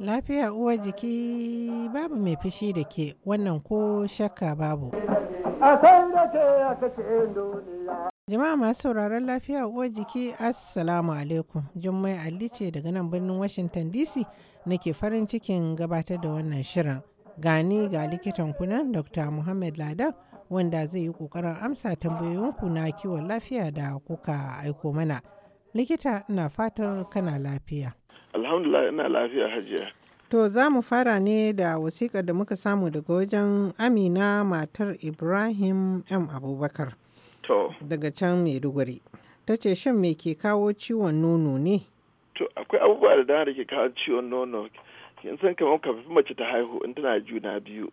lafiya uwar jiki babu mai fushi da ke wannan ko shakka babu jama'a masu sauraron lafiya uwar jiki assalamu alaikum jummai ali ce daga nan birnin washington dc nake farin cikin gabatar da wannan shirin gani ga likitan kunan dr muhammad ladan wanda zai yi ƙoƙarin amsa tambayoyinku na kiwon lafiya da kuka aiko mana. Likita na fatar kana lafiya. Alhamdulillah ina lafiya hajiya. To za mu fara ne da wasiƙa da muka samu daga wajen Amina matar Ibrahim M. Abubakar. To. Daga can Maiduguri. Ta ce shin me ke kawo ciwon nono ne? To akwai abubuwa da dama da ke kawo ciwon nono. Kin san kamar kafin mace ta haihu in tana juna biyu.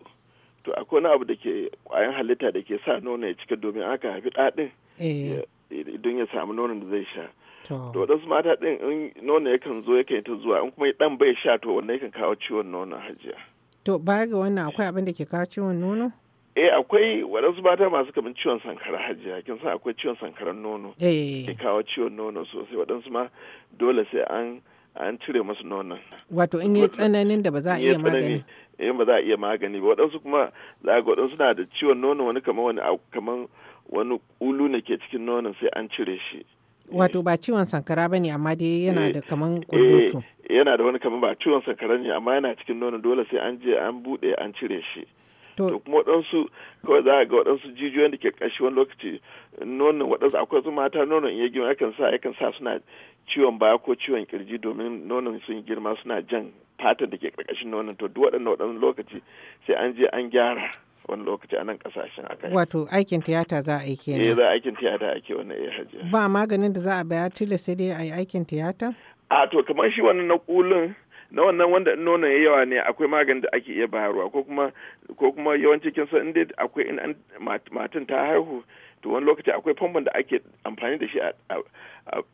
to akwai wani abu da ke kwayan halitta da ke sa nono ya cika domin aka haifi ɗaɗin eh. don ya samu nonon da zai sha to waɗansu mata ɗin in nono yakan zo ya kan ta zuwa in kuma ɗan bai sha to wannan yakan kawo ciwon nono hajiya to baya ga wannan akwai abin da ke kawo ciwon nono eh akwai waɗansu mata masu kamar ciwon sankara hajiya kin san akwai ciwon sankaran nono eh. ke kawo ciwon nono sosai waɗansu ma dole sai an an cire masu nonon wato in yi tsananin da ba za a iya magani yin ba za a iya magani ba waɗansu kuma za ga waɗansu na da ciwon nono wani kamar wani kamar wani ulu ne ke cikin nonon sai an cire shi wato ba ciwon sankara ba ne amma dai yana eh, da kamar eh, kullutu yana da wani kamar ba ciwon sankara ne amma yana cikin nono dole sai an je an buɗe an cire shi to kuma waɗansu kawai za a ga waɗansu jijiyoyin da ke ƙashi wani lokaci nonon waɗansu akwai su mata nonon iya girma yakan sa yakan sa suna ciwon baya ko ciwon kirji domin nonon sun girma suna jan fatan da ke ƙarƙashin nonon to duk waɗannan waɗannan lokaci sai an je an gyara wani lokaci a nan kasashen aka Wato aikin tiyata za a yi kenan. Eh za a aikin tiyata ake wannan eh hajiya. Ba maganin da za a bayar tilasta dai a yi aikin tiyata? A to kamar shi wannan na kulin na wannan wanda nono ya yawa ne akwai magani da ake iya bayarwa ko kuma ko kuma yawanci kin san inda akwai in an matan ta haihu to wani lokaci akwai famfon da ake amfani da shi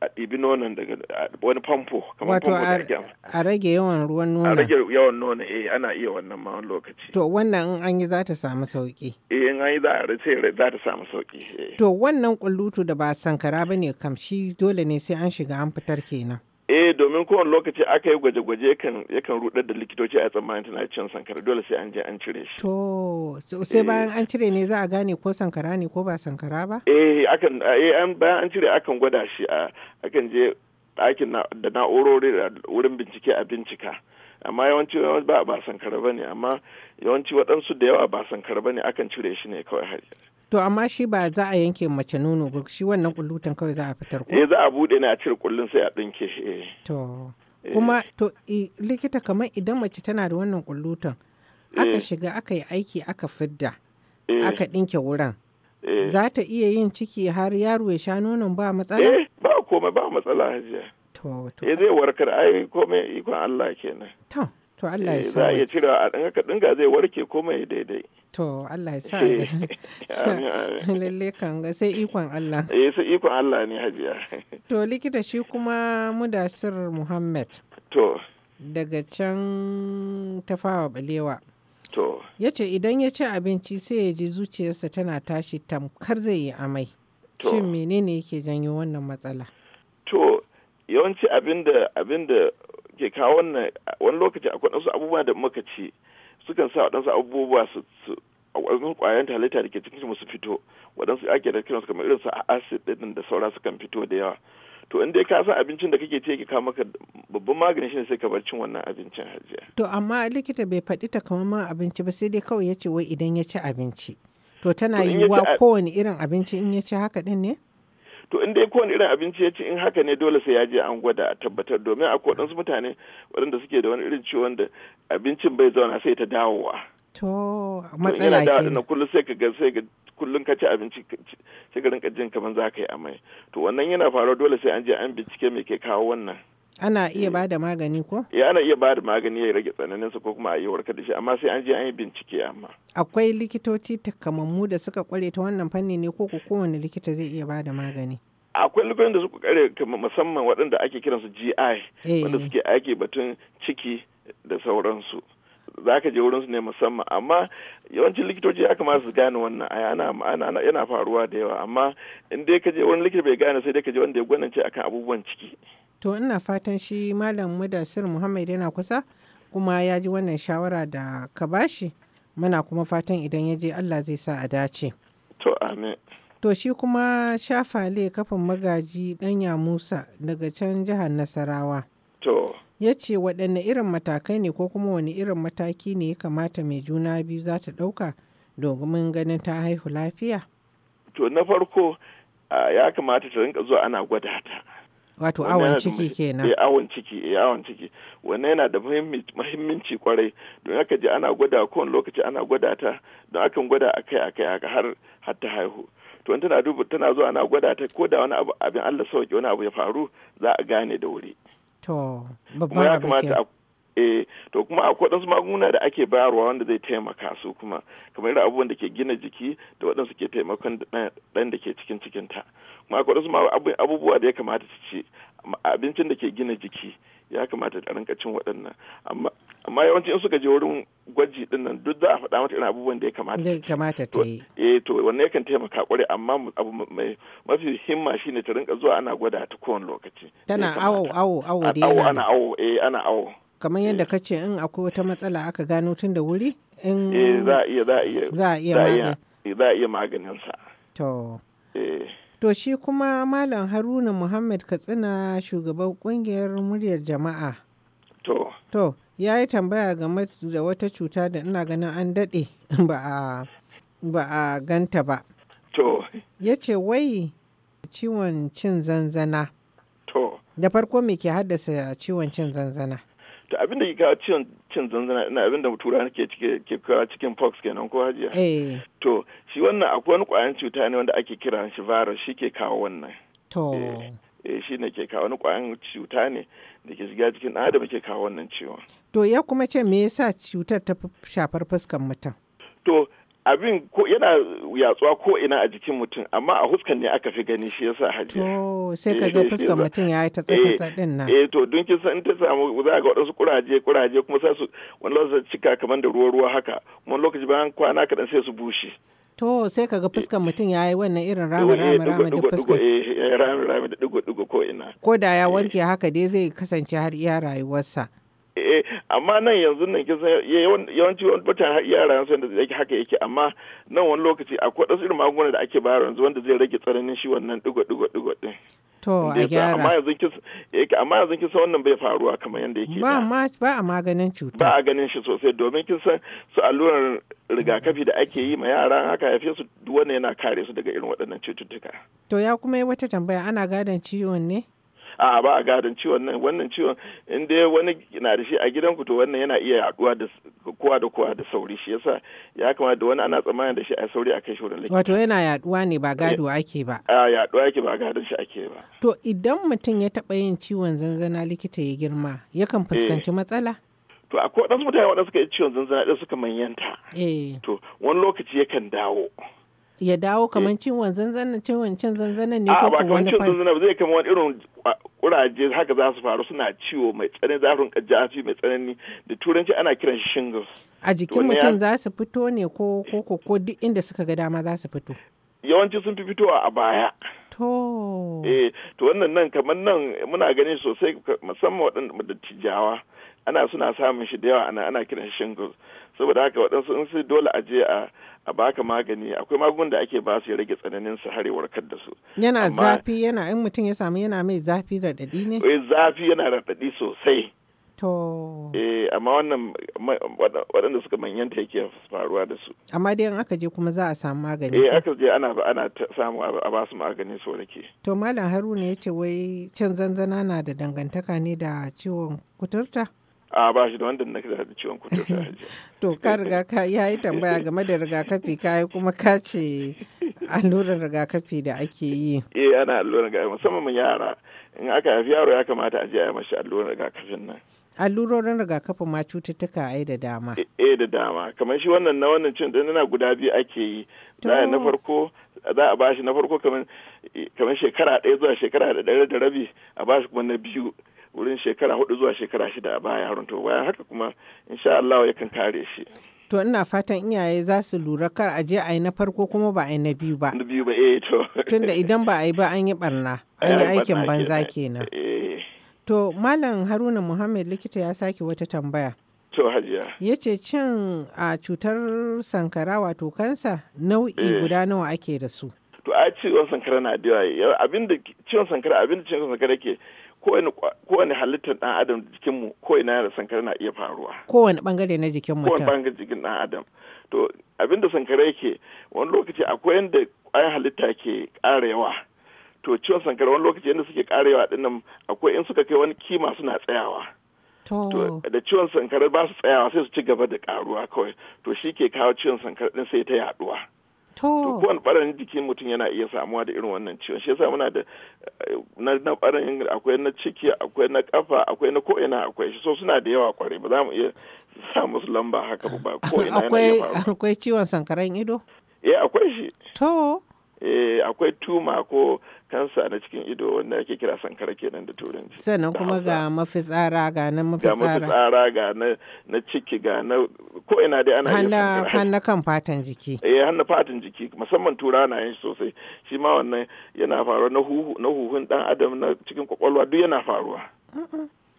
a ɗibi nonon daga wani famfo kamar famfo da ake a rage yawan ruwan nono a rage yawan nono eh ana iya wannan ma wani lokaci to wannan in an yi za ta samu sauki eh in an yi za a sai za ta samu sauki eh. to wannan kullutu da ba sankara bane ne kamshi dole ne sai an shiga an fitar kenan domin kowane lokaci aka yi gwaje-gwaje yakan rudar da likitoci a tsammanin tana cin sankara dole sai an je an cire shi. To, sai eh. bayan an cire ne za a gane ko sankara ne ko ba sankara ba? Eh, eh bayan an cire akan gwada shi a akan je ɗakin da na'urori da wurin bincike a bincika. amma yawanci ba ba sankara ba ne amma yawanci waɗansu da yawa ba sankara ba ne akan cire shi ne kawai har To amma shi ba za a yanke mace nono ba shi wannan kullutan kawai za a fitar ko? Eh za a bude ne a cire kullun sai a dinke eh. To kuma eh. to likita kamar idan mace tana da wannan kullutan aka eh. shiga aka yi aiki aka fidda aka dinke wurin. Za ta iya yin ciki har yaro ya sha nonon ba matsala? Eh ba komai ba matsala hajiya. To to. Eh zai warkar ai komai ikon Allah kenan. To to Allah ya sa. Za a iya cire a dinga zai warke komai daidai. To Allah ya sa eh, lalle kan ga sai ikon Allah. Eh sai ikon Allah ne hajiya. To likita shi kuma mudasir Muhammad. To. Daga can tafawa balewa. To. Ya ce idan ya ci abinci sai ya ji zuciyarsa tana tashi tamkar zai yi amai. Shin menene yake janyo wannan matsala? To yawanci abin da ke kawo wannan wani lokaci akwai wasu abubuwa da muka ci. sukan sa waɗansu abubuwa su waɗansu ƙwayan halitta da ke cikin su fito waɗansu ake da kiransu kamar irin su acid ɗin da saura sukan fito da yawa to in dai ka san abincin da kake ci yake kawo maka babban magani shine sai ka bar cin wannan abincin hajiya to amma likita bai faɗi takamaiman abinci ba sai dai kawai ya ce wai idan ya ci abinci to tana yiwuwa kowane irin abinci in ya ci haka din ne to in dai kowane irin abinci ya ci in haka ne dole sai ya je an gwada a tabbatar domin akwai waɗansu mutane waɗanda suke da wani irin ciwon da abincin bai zauna sai ta dawowa to matsala ke na kullum sai ka ga sai ga kullum ka ci abinci sai ka rinka jin kamar za ka yi amai to wannan yana faruwa dole sai an je an bincike me ke kawo wannan ana iya ba da magani ko? Ya eh, ana iya ba da magani ya rage tsananin su ko kuma a yi warkar da shi amma sai an je an yi bincike amma. Akwai likitoci takamammu da suka kware ta wannan fanni ne ko ko kowane likita zai iya ba da magani? Akwai likitocin da suka kware musamman waɗanda ake kiransu GI eh. wanda suke aiki batun ciki da sauransu. za ka je wurinsu ne musamman amma yawancin likitoci ya kamata su gane wannan ana yana faruwa da yawa amma in dai ka je wurin likita bai gane sai dai ka je wanda ya gwanance akan abubuwan ciki. To ina fatan shi Malam Mudassir Muhammad yana kusa kuma ya ji wannan shawara da ka bashi muna kuma fatan idan ya je Allah zai sa a dace. To amin. To shi kuma shafale kafin magaji ɗanya Musa daga can jihar Nasarawa. To. Ya ce waɗanne irin matakai ne ko kuma wani irin mataki ne ya kamata mai juna biyu za ta ɗauka domin ganin ta haihu lafiya? To na farko ya kamata ta rinka zuwa ana gwada ta. wato awon ciki kenan eh awon ciki eh awon ciki wannan yana da muhimmanci kwarai don haka ji ana gwada wani lokaci ana gwada ta don akan gwada akai akai haka har har ta haihu to in tana duba tana zuwa ana gwada ta ko da wani abu abin Allah sauke wani abu ya faru za a gane da wuri to babban abu ya eh to kuma akwai wasu magunguna da ake bayarwa wanda zai taimaka su kuma kamar irin abubuwan da ke gina jiki da waɗansu ke taimakon ɗan da ke cikin cikinta kuma akwai wasu abubuwa da ya kamata ta ci abincin da ke gina jiki ya kamata da rinka cin waɗannan amma amma yawanci in suka je wurin gwaji din nan duk za a faɗa mata irin abubuwan da ya kamata da kamata ta yi eh to wannan yakan taimaka kware amma abu mai mafi himma shine ta rinka zuwa ana gwada ta kowane lokaci tana awo awo awo da yana awo ana awo eh ana awo kamar yadda ka ce in akwai wata matsala aka gano tun da wuri in eh, za a iya za a maganinsa to shi kuma malam haruna muhammad katsina shugaban kungiyar muryar jama'a to to ya yi tambaya game da wata cuta da ina ganin an daɗe ba a ganta ba to ya ce wai ciwon cin zanzana to da farko me ke haddasa ciwon cin zanzana to abin da ke kawo cin cin zanzana ina abin da tura ke ke kawo cikin pox kenan ko hajiya eh. to shi wannan akwai wani kwayan cuta ne wanda ake kira shi virus shi ke kawo wannan to eh, eh, shi ne ke kawo wani kwayan cuta ne da ke shiga cikin adam ke kawo wannan ciwon to ya kuma ce me yasa cutar ta shafar fuskan mutum to abin ko yana yatsuwa ko ina a jikin mutum amma a huskan ne aka fi gani shi yasa hajiya to sai ka ga eh, fuskar mutum ya yi ta tsatsa din eh, nan eh to don kin san in ta samu za ga wadansu kuraje kuraje kuma sai su wani lokaci cika kamar da ruwa ruwa haka kuma lokaci bayan kwana kaɗan sai su bushe To sai ka ga fuskar eh, mutum ya yi wannan irin rama rama rama da fuskar. Rama rama da ko ina. Ko da ya warke haka dai zai kasance har iya rayuwarsa. amma nan yanzu nan san yawanci mutane har yara sun da yake haka yake amma nan wani lokaci akwai wasu irin magunguna da ake bayar yanzu wanda zai rage tsananin shi wannan digo digo digo din to a gyara amma yanzu kin yake wannan bai faruwa kamar yanda yake ba ma ba a maganin cuta ba a ganin shi sosai domin kin san su allurar rigakafi da ake yi ma yara haka haifesu su wannan yana kare su daga irin waɗannan cututtuka to ya kuma yi wata tambaya ana gadon ciwon ne a ba a gadon ciwon nan wannan ciwon in dai wani na da shi a gidan ku, to wannan yana iya yaduwa da kowa da kowa da sauri shi yasa ya kamata da wani ana tsammanin da shi a sauri a kai shi wurin wato yana yaduwa ne ba gado ake ba eh, a yaduwa yake ba gadon shi ake ba to idan mutum ya taba yin ciwon zanzana likita ya girma yakan eh. fuskanci matsala to akwai waɗansu mutane waɗanda suka yi ciwon zanzana da suka manyanta eh. to wani lokaci yakan dawo ya dawo kamar ciwon zanzana ciwon cin zanzana ne ko wani ba kamar ciwon zanzana ba zai kama wani irin kuraje haka za su faru suna ciwo mai tsanani zafin su mai tsanani da turanci ana kiran shingles a jikin mutum za su fito ne ko ko ko duk inda suka ga dama za su fito yawanci sun fi fitowa a baya to eh to wannan nan kamar nan muna gani sosai musamman waɗanda da tijawa ana suna samun shi da yawa ana ana kiran shi shingles saboda haka waɗansu in su dole a je a baka magani akwai magungunan da ake ba su ya rage tsananin su har kar da su yana zafi yana in mutum ya samu yana mai zafi da dadi ne eh zafi yana da dadi sosai to eh amma wannan waɗanda suka manyanta yake faruwa da su amma dai in aka je kuma za a samu magani eh aka je ana ana samu a ba su magani so rake to malam haruna ya ce wai cin zanzana na da dangantaka ne da ciwon kuturta a ba shi da wanda na da ciwon kuturta To ka riga ka ya yi tambaya game da rigakafi ka yi kuma ka ce allurar rigakafi da ake yi. Eh ana allurar rigakafi musamman yara in aka haifi yaro ya kamata a je a mashi allurar rigakafin nan. Allurorin rigakafi ma cututtuka ai da dama. Eh, eh da dama kamar shi wannan na wannan cin na guda biyu ake yi. Za a na farko za a bashi na farko kamar shekara ɗaya zuwa shekara da ɗaya da rabi a bashi kuma na biyu wurin shekara hudu zuwa shekara shida a baya yaron to bayan haka kuma insha Allah ya kan kare shi to ina fatan iyaye za su lura kar a je a yi na farko kuma ba a yi na biyu ba na biyu ba eh to tunda idan ba a yi ba an yi barna an yi aikin banza kenan eh. to malam haruna muhammad likita ya sake wata tambaya to hajiya ya ce cin a cutar sankara wato kansa nau'i eh. guda nawa ake da su to a ciwon sankara na da yawa abinda ciwon sankara abinda ciwon sankara ke kowane halittar ɗan adam jikinmu kowane yana da sankara na iya faruwa kowane bangare na jikin mutum kowane bangare jikin ɗan adam to abinda sankara yake wani lokaci akwai yadda ƙwayar halitta ke ƙara yawa to ciwon sankara wani lokaci yadda suke ƙara yawa dinnan akwai in suka kai wani kima suna tsayawa to da ciwon sankara ba su tsayawa sai su ci gaba da ƙaruwa kawai to shi ke kawo ciwon sankara din sai ta yaɗuwa duk wani ɓarayin jikin mutum yana iya samuwa da irin wannan ciwon shi yasa muna da na na ɓarayin akwai na ciki akwai na kafa akwai na ko'ina akwai shi so suna da yawa kwarai ba za mu iya sa musu lamba haka ba ko'ina yana iya akwai ciwon sankaran ido eh akwai shi to eh akwai tuma ko kansa na cikin ido wanda ake kira sankara kenan da turanci sannan kuma ga mafitsara ga na mafitsara ga ga na ciki ga na ko ina dai ana hanna hanna kan fatan jiki eh hanna fatan jiki musamman tura na yin sosai shi ma wannan yana faruwa na huhun dan adam na cikin kwakwalwa duk yana faruwa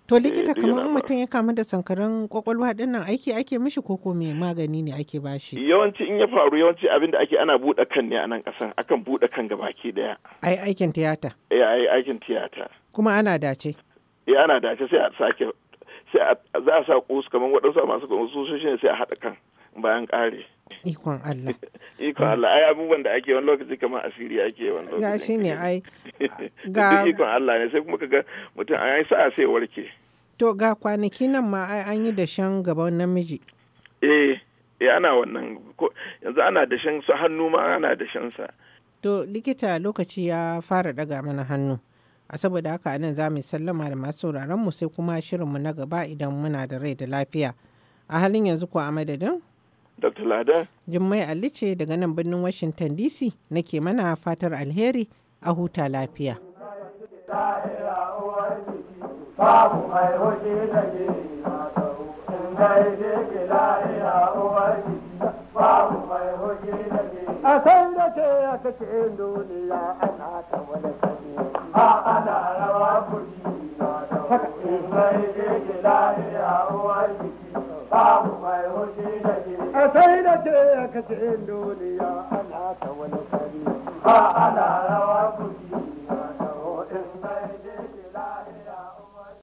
To likita eh, kamar in mutum ya kamu da sankarin kwakwalwa dinnan aiki ake mishi ko ko mai magani ne ake bashi? Yawanci in ya faru yawanci abin da ake ana buɗe kan ne a nan ƙasan akan buɗe kan gabaki daya. Ai aikin tiyata. Eh ai aikin tiyata. Kuma ana dace. Eh ana dace sai a sake sai za a sa kusa kamar waɗansu masu kusa shi ne sai a haɗa kan bayan ƙare. Ikon Allah. Iko Allah ai abubuwan da ake wani lokaci kamar asiri ake wani lokaci. Ya shi ne ai. Ga ikon Allah ne sai kuma ka ga mutum ai sa sai warke. To ga kwanaki nan ma ai an yi dashen gaban namiji. Eh, eh ana wannan yanzu ana dashen su hannu ma ana dashen sa. To likita lokaci ya fara daga mana hannu. A saboda haka anan za mu sallama da masu sauraron mu sai kuma shirinmu na gaba idan muna da rai da lafiya. A halin yanzu ko a madadin? Dr. Lada. Jummai Alice ce daga nan birnin Washington DC nake mana fatar alheri a huta lafiya. A san da ke ya kace duniya ana ta wani kare, Ba ana rawa kuri na da in mai ke gila ya jiki. babu da a sai ce ya kace duniya ana ta wani kari ba ana rawa kuɗi